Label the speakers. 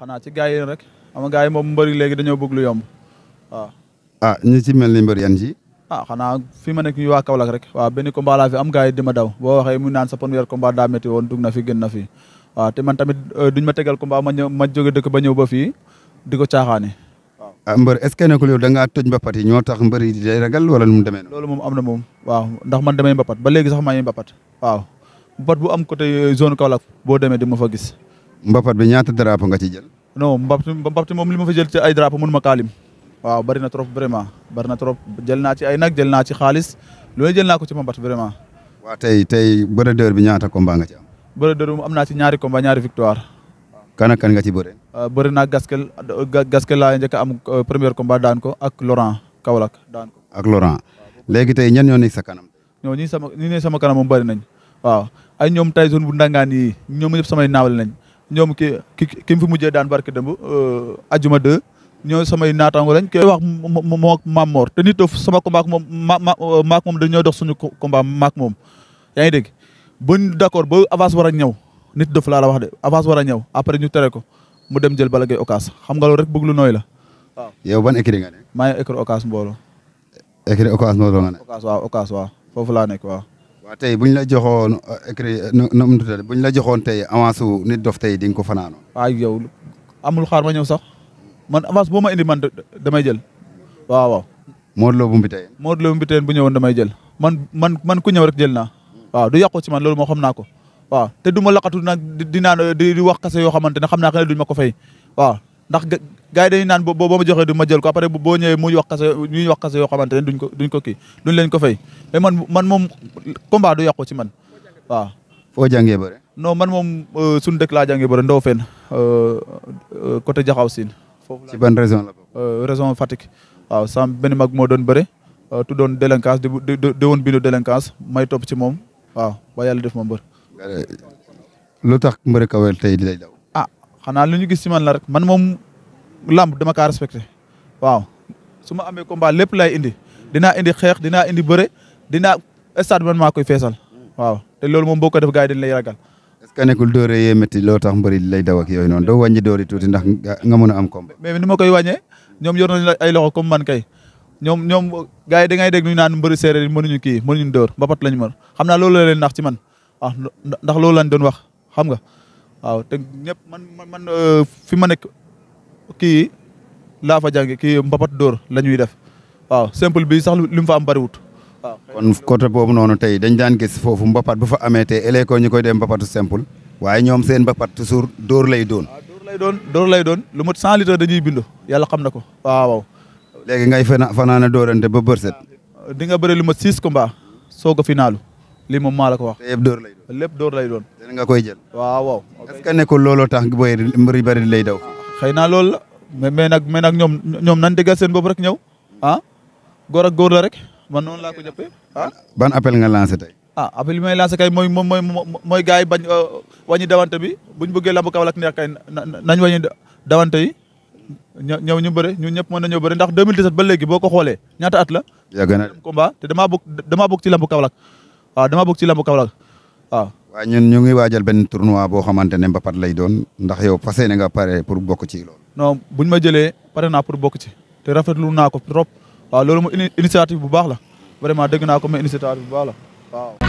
Speaker 1: xanaa ci gars yi rek xam nga gars yi moom mbëri léegi dañoo bëgg lu a waaw.
Speaker 2: ah ñu ci mel ni mbëri yan ji.
Speaker 1: ah xanaa fi ma nekk ñu waa Kaolack rek waaw benn combat laa fi am gars yi di daw boo waxee mu naan sa premier combat daa métti woon dugg na fi gën fi waaw te man tamit euh, duñ ma tegal combat ma ñëw ma jóge dëkk ba ñëw ba fii di ko caaxaane. ah mbër
Speaker 2: est-ce que nekkul yow da ngaa toj mbapat yi ñoo tax mbër yi di day ragal wala nu mu demee
Speaker 1: loolu moom am na moom waaw ndax ma damay mbapat ba léegi sax maa ngi mbapat waaw mbapat bu am côté euh, zone Kaolack boo demee di ma fa gis mbapat bi ñaata daraapo nga ci jël. non mbapat mbapat moom li ma fa jël ci ay drapeau mënuma kaalim. waaw bari na trop bari na trop jël naa ci ay nag jël naa ci xaalis loolu jël naa ko ci mbapat vraiment.
Speaker 2: waa tey tey brodeur bi ñaata combat nga ci am.
Speaker 1: brodeur bi am naa ci ñaari combat ñaari victoire.
Speaker 2: kan nga ci bëre.
Speaker 1: Euh, bëri naa gaskel gaskel laa njëkk am euh, premier combat daan ko ak loran Kaolack daan ko.
Speaker 2: ak Laurent léegi tey ñan ñoo sa kanam.
Speaker 1: ñoo ñi sama ñi sama kanam moom bëri nañ waaw ay ñoom Tyson bu ndangaan yi ñoom ñëpp samay naawle nañ. ñoom ki ki ki mu fi mujjee daan barki démb euh, ajuma de ñoo samay naataango lañ koy wax moo maam Mor te nit dof sama combat moom ma maak euh, moom dañoo dox suñu combat maak moom yaa ngi dégg buñ d'accord avance war a ñëw nit dof laa la wax de avance war a ñëw après ñu tere ko mu dem jël bala gay okaas xam nga loolu rek bëgg lu nooy la waaw yow ban écrit nga ne maa ngi écrit okaas mbooloo écrit okaas mbooloo nga ne okaas nekk waaw waaw tey bu ñu la joxoon eh, écrit eh, nu mu tuddati bu la joxoon
Speaker 2: tey avance su nit dof tey di nga ko fanaanoo.
Speaker 1: waaw yow amul xaar ma ñëw sax man avance boo ma indi man damay jël waaw waaw.
Speaker 2: Modou Lo bu Mbiteye.
Speaker 1: Modou Lo bu Mbiteye bu ñëwoon jël man man man ku ñëw rek jël naa waaw du yàqu ci man loolu moo xam naa ko waaw te du ma laqatu nag di naan di wax kase yoo xamante ne xam naa ko ne ma ko fay ndax gars yi dañuy naan boo boo ma joxee du ma jël ko après boo ñëwee muy wax kase ñuy wax kase yoo xamante ne duñ ko duñ ko kii duñ leen ko fay mais man man moom combat du yàqu ci man waaw.
Speaker 2: foo jàngee bëre.
Speaker 1: non man moom euh, suñu dëkk laa jàngee bëre ndaw fen euh, euh, côté Jaxaw Siin. foofu la ci ban raison la Fatick waaw sam benn mag moo doon bëre tu doon délinquance di di di woon bindu délinquance may topp ci moom waaw ba yàlla def ma mbër.
Speaker 2: lu tax mbër kawel tey di lay daw.
Speaker 1: xanaa lu ñu gis ci man la rek man moom lamb dama kaa respecté waaw su ma amee combat lépp lay indi dinaa indi xeex dinaa indi bëre dinaa stade man maa koy feesal waaw te loolu moom boo ko def gars yi dañ lay ragal.
Speaker 2: est-ce que nekkul loo tax mbëri lay daw ak yooyu noonu doo wàññi dóori tuuti ndax nga mën am combat.
Speaker 1: mais ni ma koy wàññee ñoom yor nañu ay loxo comme man kay ñoom ñoom gars yi da ngay dégg ñu naan mbëri séeréer yi mënuñu kii mënuñu dóor mbapat lañu mën xam na loolu la leen nax ci man ah ndax loolu lañ doon wax xam nga waaw te ñëpp man man euh, fi ma nekk kii laa fa jàngi kii mbapat dóor la ñuy def waaw simple bi sax li mu fa am bariwut
Speaker 2: kon côté boobu noonu tey dañ daan gis foofu mbapat bu fa amee te ele ko ñu koy dem mbapatu simple waaye ñoom seen mbapat toujours dóor lay doon
Speaker 1: dóor lay doon lay doon lu mat cent dañuy bindo yàlla xam na ko waaw léegi ngay fana fanaana dóorante ba bërset di nga bëri lu mat six combats soog a finaalu lii moom maa la ko wax. lépp dóor lay doon lépp dóor lay doon. dina nga koy jël. waaw waaw.
Speaker 2: est-ce looloo tax booy mbër yu bari lay daw.
Speaker 1: xëy naa loolu la mais mais nag nag ñoom ñoom nan déggal seen bopp rek ñëw ah góor ak góor la rek man noonu laa ko jàppee ah?
Speaker 2: ban appel nga lancé tey.
Speaker 1: ah appel bi may lancé kay mooy mooy mooy mooy gars yi bañ euh, wàññi dawante bi buñ bëggee lamb Kaolack neex kay nañ wàññi dawante yi ñëw ñu bëre ñun ñëpp mën nañoo bëre ndax 2017 ba léegi boo ko xoolee ñaata at la. yàgg na combat te damaa bokk bokk ci lamb Kaolack waaw ah, dama bëgg ci lamb Kaolack waaw. Ah.
Speaker 2: waaw ñun ñu ngi waajal benn tournoi boo xamante ne mbapat lay doon ndax yow fas yéene nga pare pour bokk ci loolu.
Speaker 1: non buñ ma jëlee pare naa pour bokk ci te rafetlu naa ko trop wa ah, loolu mooy initiative bu baax la vraiment dégg naa ko mais initiative bu baax la